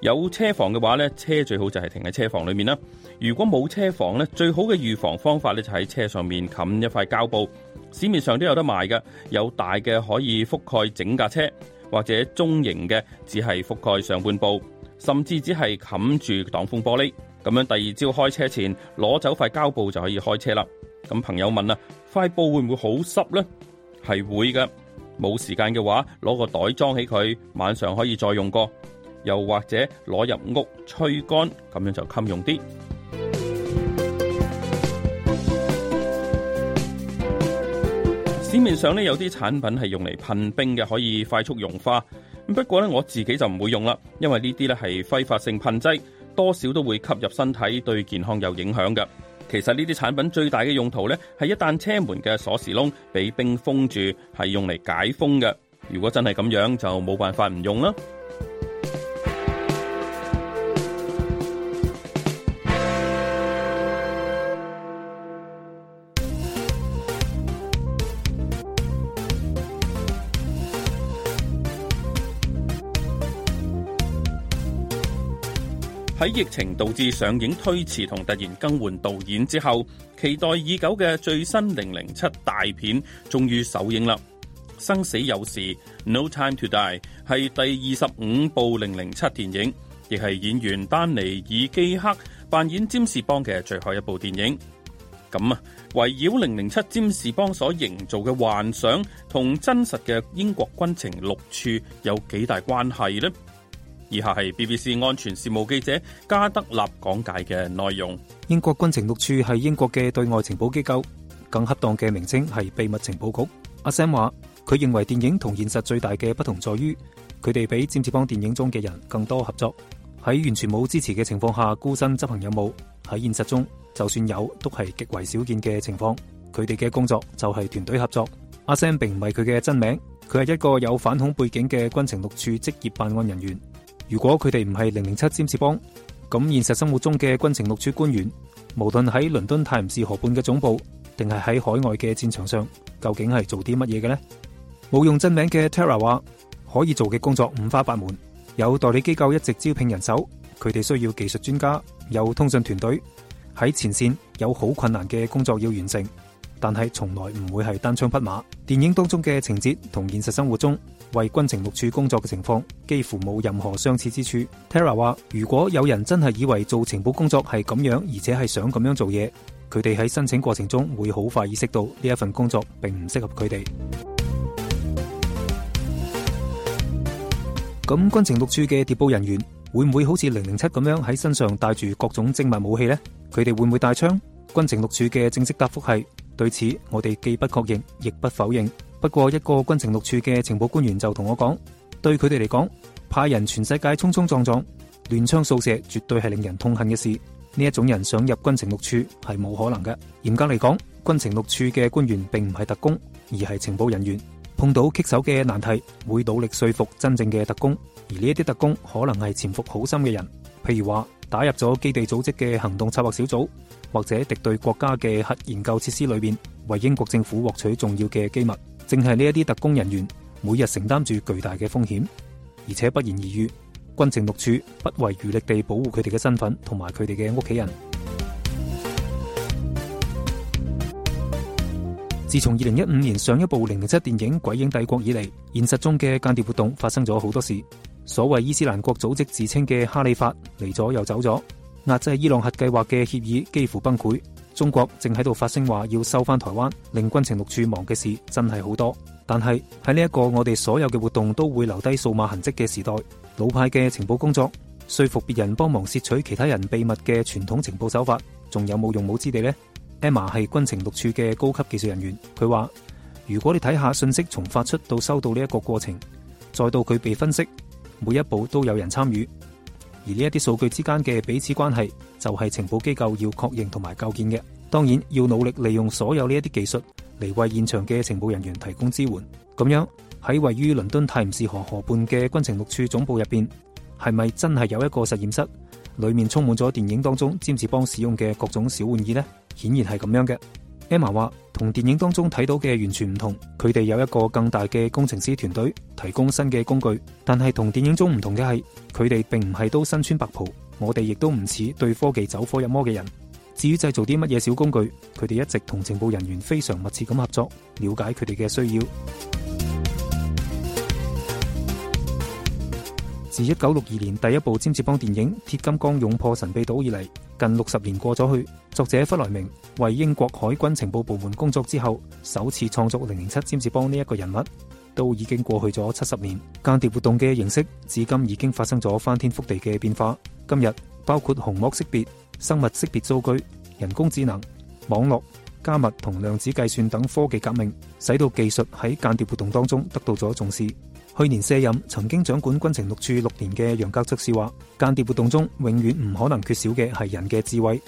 有車房嘅話咧，車最好就係停喺車房裏面啦。如果冇車房咧，最好嘅預防方法咧就喺車上面冚一塊膠布，市面上都有得賣嘅。有大嘅可以覆蓋整架車，或者中型嘅只係覆蓋上半部，甚至只係冚住擋風玻璃。咁樣第二朝開車前攞走塊膠布就可以開車啦。咁朋友問啊，塊布會唔會好濕呢？係會嘅。冇時間嘅話，攞個袋裝起佢，晚上可以再用過。又或者攞入屋吹乾，咁樣就襟用啲。市面上咧有啲產品係用嚟噴冰嘅，可以快速融化。不過咧我自己就唔會用啦，因為呢啲咧係揮發性噴劑，多少都會吸入身體，對健康有影響嘅。其實呢啲產品最大嘅用途咧係一旦車門嘅鎖匙窿俾冰封住，係用嚟解封嘅。如果真係咁樣，就冇辦法唔用啦。喺疫情導致上映推遲同突然更換導演之後，期待已久嘅最新《零零七》大片終於首映啦！《生死有時 No Time To Die》係第二十五部《零零七》電影，亦係演員丹尼爾基克扮演占士邦嘅最後一部電影。咁啊，圍繞《零零七》占士邦所營造嘅幻想同真實嘅英國軍情六處有幾大關係呢？以下係 BBC 安全事務記者加德納講解嘅內容。英國軍情六處係英國嘅對外情報機構，更恰當嘅名稱係秘密情報局。阿 Sam 話，佢認為電影同現實最大嘅不同在於，佢哋比占士邦電影中嘅人更多合作。喺完全冇支持嘅情況下孤身執行任務，喺現實中就算有都係極為少見嘅情況。佢哋嘅工作就係團隊合作。阿 Sam 並唔係佢嘅真名，佢係一個有反恐背景嘅軍情六處職業辦案人員。如果佢哋唔係零零七占士邦，咁現實生活中嘅軍情六處官員，無論喺倫敦泰晤士河畔嘅總部，定係喺海外嘅戰場上，究竟係做啲乜嘢嘅咧？冇用真名嘅 Tara 話，可以做嘅工作五花八門，有代理機構一直招聘人手，佢哋需要技術專家，有通訊團隊喺前線，有好困難嘅工作要完成，但係從來唔會係單槍匹馬。電影當中嘅情節同現實生活中。為軍情六處工作嘅情況幾乎冇任何相似之處。Terra 話：如果有人真係以為做情報工作係咁樣，而且係想咁樣做嘢，佢哋喺申請過程中會好快意識到呢一份工作並唔適合佢哋。咁 軍情六處嘅諜報人員會唔會好似零零七咁樣喺身上帶住各種精密武器呢？佢哋會唔會帶槍？軍情六處嘅正式答覆係：對此，我哋既不確認，亦不否認。不過一個軍情六處嘅情報官員就同我講，對佢哋嚟講，派人全世界衝衝撞撞、亂槍掃射，絕對係令人痛恨嘅事。呢一種人想入軍情六處係冇可能嘅。嚴格嚟講，軍情六處嘅官員並唔係特工，而係情報人員。碰到棘手嘅難題，會努力說服真正嘅特工。而呢一啲特工可能係潛伏好深嘅人，譬如話打入咗基地組織嘅行動策劃小組，或者敵對國家嘅核研究設施裏邊，為英國政府獲取重要嘅機密。正係呢一啲特工人員每日承擔住巨大嘅風險，而且不言而喻。軍情六處不遺餘力地保護佢哋嘅身份同埋佢哋嘅屋企人。 自從二零一五年上一部零零七電影《鬼影帝國》以嚟，現實中嘅間諜活動發生咗好多事。所謂伊斯蘭國組織自稱嘅哈里發嚟咗又走咗，壓制伊朗核計劃嘅協議幾乎崩潰。中國正喺度發聲話要收翻台灣，令軍情六處忙嘅事真係好多。但係喺呢一個我哋所有嘅活動都會留低數碼痕跡嘅時代，老派嘅情報工作說服別人幫忙竊取其他人秘密嘅傳統情報手法，仲有冇用武之地呢？Emma 係軍情六處嘅高級技術人員，佢話：如果你睇下信息從發出到收到呢一個過程，再到佢被分析，每一步都有人參與。而呢一啲數據之間嘅彼此關係，就係、是、情報機構要確認同埋構建嘅。當然要努力利用所有呢一啲技術嚟為現場嘅情報人員提供支援。咁樣喺位於倫敦泰晤士河河畔嘅軍情六處總部入邊，係咪真係有一個實驗室，裏面充滿咗電影當中佔士邦使用嘅各種小玩意呢？顯然係咁樣嘅。Emma 話：同電影當中睇到嘅完全唔同，佢哋有一個更大嘅工程師團隊，提供新嘅工具。但係同電影中唔同嘅係，佢哋並唔係都身穿白袍，我哋亦都唔似對科技走火入魔嘅人。至於製造啲乜嘢小工具，佢哋一直同情報人員非常密切咁合作，了解佢哋嘅需要。自一九六二年第一部占士邦電影《鐵金剛勇破神秘島》以嚟，近六十年過咗去。作者弗萊明為英國海軍情報部門工作之後，首次創作零零七占士邦呢一、這個人物，都已經過去咗七十年。間諜活動嘅形式至今已經發生咗翻天覆地嘅變化。今日包括虹膜識別、生物識別、數據、人工智能、網絡加密同量子計算等科技革命，使到技術喺間諜活動當中得到咗重視。去年卸任，曾經掌管軍情六處六年嘅楊格爵士話：間諜活動中，永遠唔可能缺少嘅係人嘅智慧。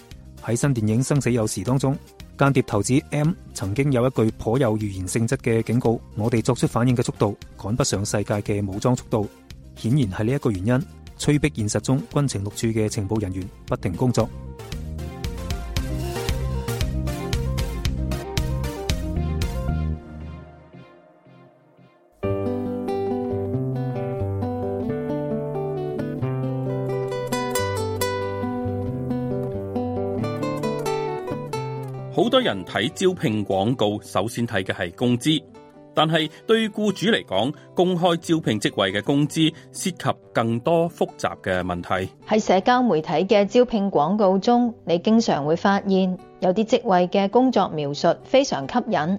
喺新電影《生死有時》當中，間諜頭子 M 曾經有一句頗有預言性質嘅警告：我哋作出反應嘅速度趕不上世界嘅武裝速度。顯然係呢一個原因，催逼現實中軍情六處嘅情報人員不停工作。人睇招聘廣告，首先睇嘅係工資，但係對於僱主嚟講，公開招聘職位嘅工資涉及更多複雜嘅問題。喺社交媒體嘅招聘廣告中，你經常會發現有啲職位嘅工作描述非常吸引，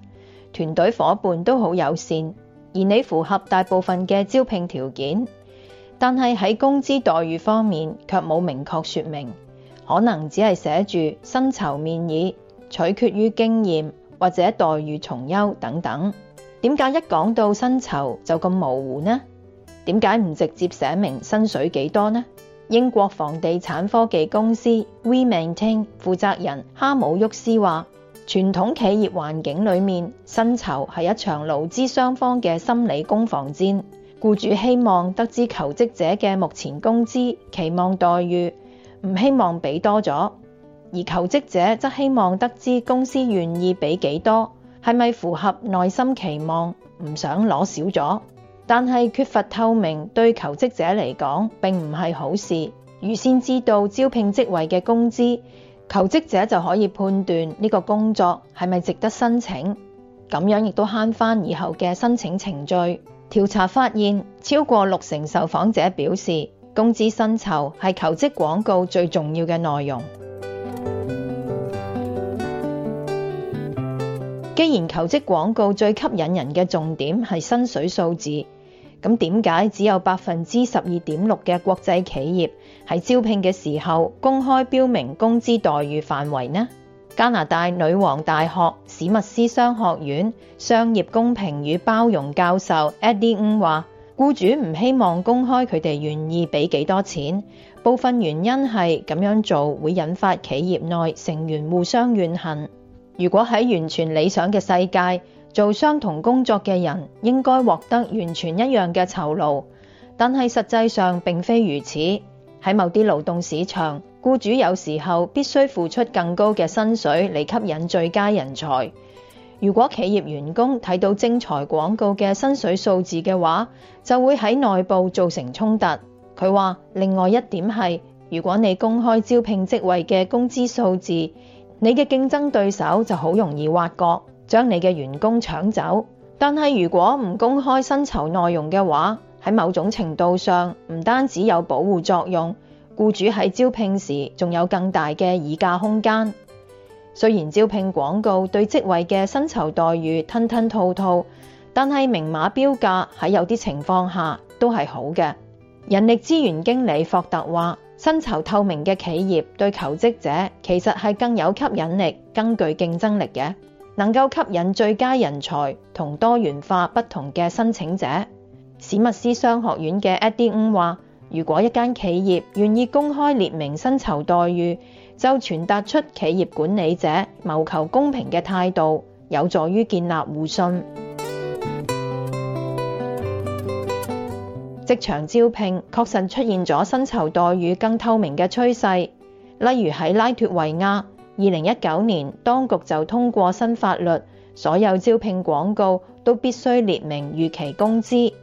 團隊夥伴都好友善，而你符合大部分嘅招聘條件，但係喺工資待遇方面卻冇明確說明，可能只係寫住薪酬面議。取決於經驗或者待遇從優等等。點解一講到薪酬就咁模糊呢？點解唔直接寫明薪水幾多呢？英國房地產科技公司 WeMaintain 負責人哈姆沃斯話：傳統企業環境裡面，薪酬係一場勞資雙方嘅心理攻防戰。僱主希望得知求職者嘅目前工資期望待遇，唔希望俾多咗。而求職者則希望得知公司願意俾幾多，係咪符合內心期望，唔想攞少咗。但係缺乏透明，對求職者嚟講，並唔係好事。預先知道招聘職位嘅工資，求職者就可以判斷呢個工作係咪值得申請，咁樣亦都慳翻以後嘅申請程序。調查發現，超過六成受訪者表示，工資薪酬係求職廣告最重要嘅內容。既然求職廣告最吸引人嘅重點係薪水數字，咁點解只有百分之十二點六嘅國際企業喺招聘嘅時候公開標明工資待遇範圍呢？加拿大女王大學史密斯商學院商業公平與包容教授 Eddy Ng 話：雇主唔希望公開佢哋願意俾幾多錢。部分原因係咁樣做會引發企業內成員互相怨恨。如果喺完全理想嘅世界，做相同工作嘅人應該獲得完全一樣嘅酬勞，但係實際上並非如此。喺某啲勞動市場，雇主有時候必須付出更高嘅薪水嚟吸引最佳人才。如果企業員工睇到徵才廣告嘅薪水數字嘅話，就會喺內部造成衝突。佢話：另外一點係，如果你公開招聘職位嘅工資數字，你嘅競爭對手就好容易挖角，將你嘅員工搶走。但係如果唔公開薪酬內容嘅話，喺某種程度上唔單止有保護作用，僱主喺招聘時仲有更大嘅議價空間。雖然招聘廣告對職位嘅薪酬待遇吞吞吐吐，但係明碼標價喺有啲情況下都係好嘅。人力資源經理霍特話：薪酬透明嘅企業對求職者其實係更有吸引力、更具競爭力嘅，能夠吸引最佳人才同多元化不同嘅申請者。史密斯商學院嘅 Eddy Ng 話：如果一間企業願意公開列明薪酬待遇，就傳達出企業管理者謀求公平嘅態度，有助於建立互信。職場招聘確實出現咗薪酬待遇更透明嘅趨勢，例如喺拉脫維亞，二零一九年當局就通過新法律，所有招聘廣告都必須列明預期工資。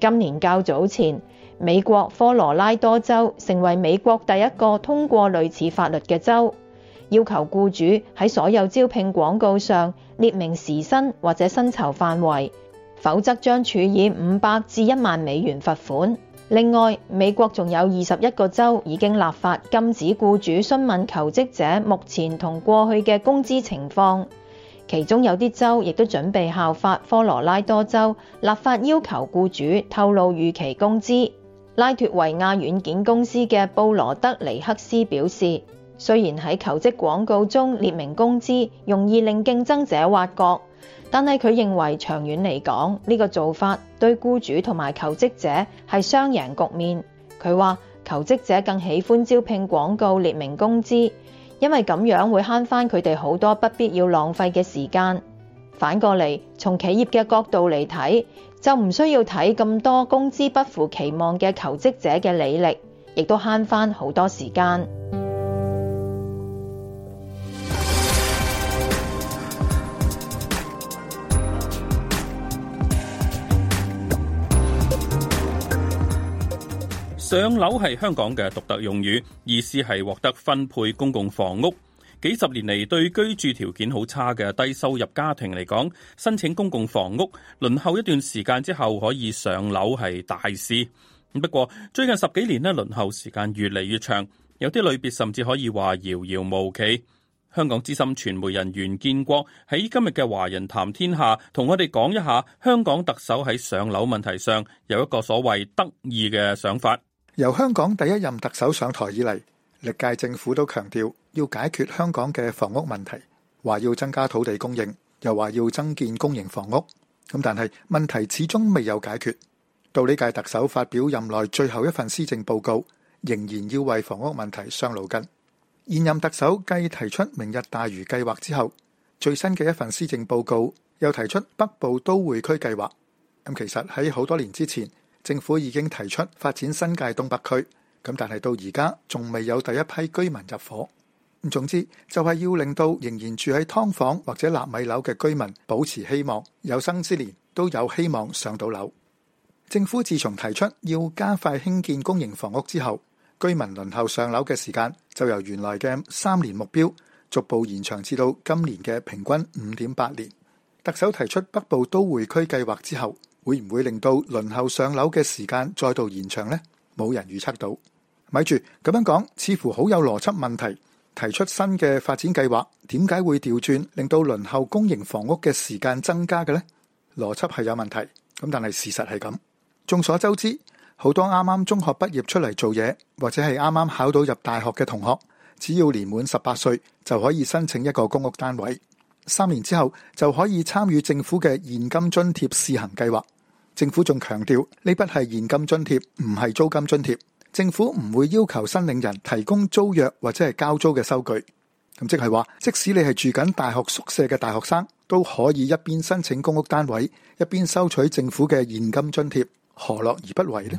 今年較早前，美國科羅拉多州成為美國第一個通過類似法律嘅州，要求僱主喺所有招聘廣告上列明時薪或者薪酬範圍。否則將處以五百至一萬美元罰款。另外，美國仲有二十一個州已經立法禁止僱主詢問求職者目前同過去嘅工資情況。其中有啲州亦都準備效法科羅拉多州，立法要求僱主透露預期工資。拉脫維亞軟件公司嘅布羅德尼克斯表示，雖然喺求職廣告中列明工資，容易令競爭者挖角。但係佢認為長遠嚟講，呢個做法對僱主同埋求職者係雙贏局面。佢話：求職者更喜歡招聘廣告列明工資，因為咁樣會慳返佢哋好多不必要浪費嘅時間。反過嚟，從企業嘅角度嚟睇，就唔需要睇咁多工資不符期望嘅求職者嘅履歷，亦都慳返好多時間。上樓係香港嘅獨特用語，意思係獲得分配公共房屋。幾十年嚟，對居住條件好差嘅低收入家庭嚟講，申請公共房屋，輪候一段時間之後可以上樓係大事。不過最近十幾年咧，輪候時間越嚟越長，有啲類別甚至可以話遙遙無期。香港資深傳媒人袁建國喺今日嘅《華人談天下》同我哋講一下，香港特首喺上樓問題上有一個所謂得意嘅想法。由香港第一任特首上台以嚟，歷屆政府都強調要解決香港嘅房屋問題，話要增加土地供應，又話要增建公營房屋。咁但係問題始終未有解決，到呢屆特首發表任內最後一份施政報告，仍然要為房屋問題傷腦筋。現任特首繼提出明日大嶼計劃之後，最新嘅一份施政報告又提出北部都會區計劃，咁其實喺好多年之前，政府已經提出發展新界東北區，咁但係到而家仲未有第一批居民入伙。總之就係要令到仍然住喺劏房或者納米樓嘅居民保持希望，有生之年都有希望上到樓。政府自從提出要加快興建公營房屋之後，居民輪候上樓嘅時間就由原來嘅三年目標逐步延長至到今年嘅平均五點八年。特首提出北部都會區計劃之後，會唔會令到輪候上樓嘅時間再度延長呢？冇人預測到。咪住咁樣講，似乎好有邏輯問題。提出新嘅發展計劃，點解會調轉令到輪候公營房屋嘅時間增加嘅呢？邏輯係有問題。咁但係事實係咁。眾所周知，好多啱啱中學畢業出嚟做嘢，或者係啱啱考到入大學嘅同學，只要年滿十八歲就可以申請一個公屋單位。三年之後就可以參與政府嘅現金津貼試行計劃。政府仲強調呢筆係現金津貼，唔係租金津貼。政府唔會要求申領人提供租約或者係交租嘅收據。咁即係話，即使你係住緊大學宿舍嘅大學生，都可以一邊申請公屋單位，一邊收取政府嘅現金津貼。何樂而不為呢？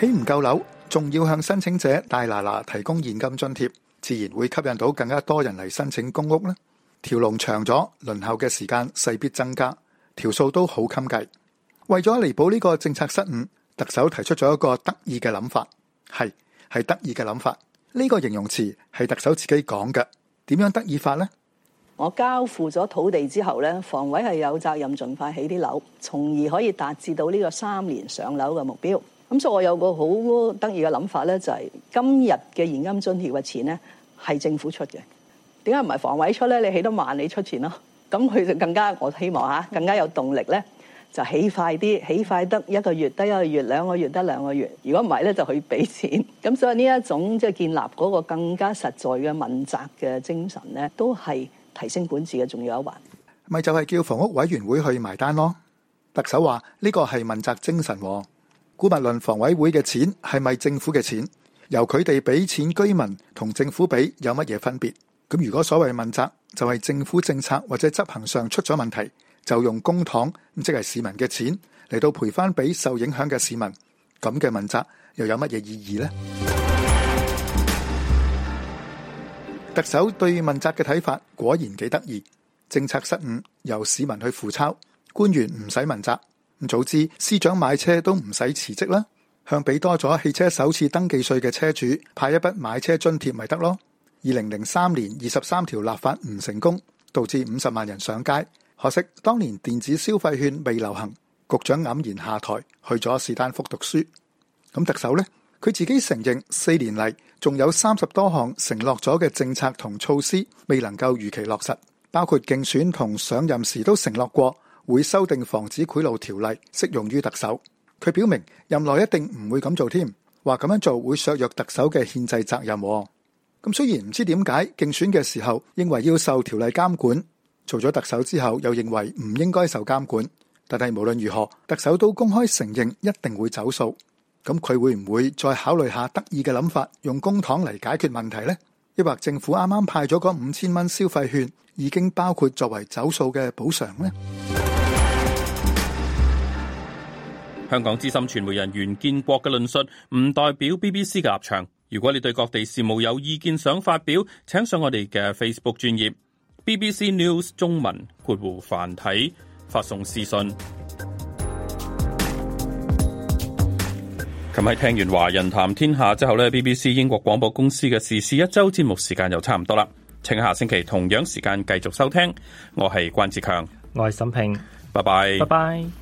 起唔夠樓，仲要向申請者大拿拿提供現金津貼，自然會吸引到更加多人嚟申請公屋啦。條龍長咗，輪候嘅時間勢必增加，條數都好襟計。為咗彌補呢個政策失誤，特首提出咗一個得意嘅諗法，係係得意嘅諗法。呢個形容詞係特首自己講嘅。點樣得意法呢？我交付咗土地之後呢，房委係有責任盡快起啲樓，從而可以達至到呢個三年上樓嘅目標。咁所以我有個好得意嘅諗法呢，就係今日嘅現金津貼嘅錢呢，係政府出嘅。點解唔係房委出咧？你起得慢，你出錢咯。咁佢就更加我希望吓，更加有動力咧，就起快啲，起快得一個月，得一個月，兩個月，得兩個月。如果唔係咧，就可以俾錢咁。所以呢一種即係建立嗰個更加實在嘅問責嘅精神咧，都係提升管治嘅重要一環。咪就係叫房屋委員會去埋單咯。特首話呢個係問責精神。姑勿論房委會嘅錢係咪政府嘅錢，由佢哋俾錢居民同政府俾有乜嘢分別？咁如果所謂問責就係政府政策或者執行上出咗問題，就用公帑，即係市民嘅錢嚟到賠翻俾受影響嘅市民，咁嘅問責又有乜嘢意義呢？ 特首對問責嘅睇法果然幾得意，政策失誤由市民去付鈔，官員唔使問責。咁早知司長買車都唔使辭職啦，向俾多咗汽車首次登記稅嘅車主派一筆買車津貼咪得咯。二零零三年二十三條立法唔成功，導致五十萬人上街。可惜當年電子消費券未流行，局長黯然下台，去咗士丹福讀書。咁特首呢，佢自己承認四年嚟，仲有三十多項承諾咗嘅政策同措施未能夠如期落實，包括競選同上任時都承諾過會修訂防止賄賂條例，適用於特首。佢表明任內一定唔會咁做，添話咁樣做會削弱特首嘅憲制責任。咁雖然唔知點解，競選嘅時候，認為要受條例監管。做咗特首之後，又認為唔應該受監管。但係，無論如何，特首都公開承認，一定會走數。咁佢會唔會再考慮下得意嘅諗法，用公帑嚟解決問題呢？抑或政府啱啱派咗個五千蚊消費券，已經包括作為走數嘅補償呢？香港資深傳媒人袁建國嘅論述，唔代表 BBC 嘅立場。如果你對各地事務有意見想發表，請上我哋嘅 Facebook 專頁 BBC News 中文括弧繁體發送私信。今日 聽完華人談天下之後呢 BBC 英國廣播公司嘅時事一周節目時間又差唔多啦，請下星期同樣時間繼續收聽。我係關志強，我係沈平，拜拜，拜拜。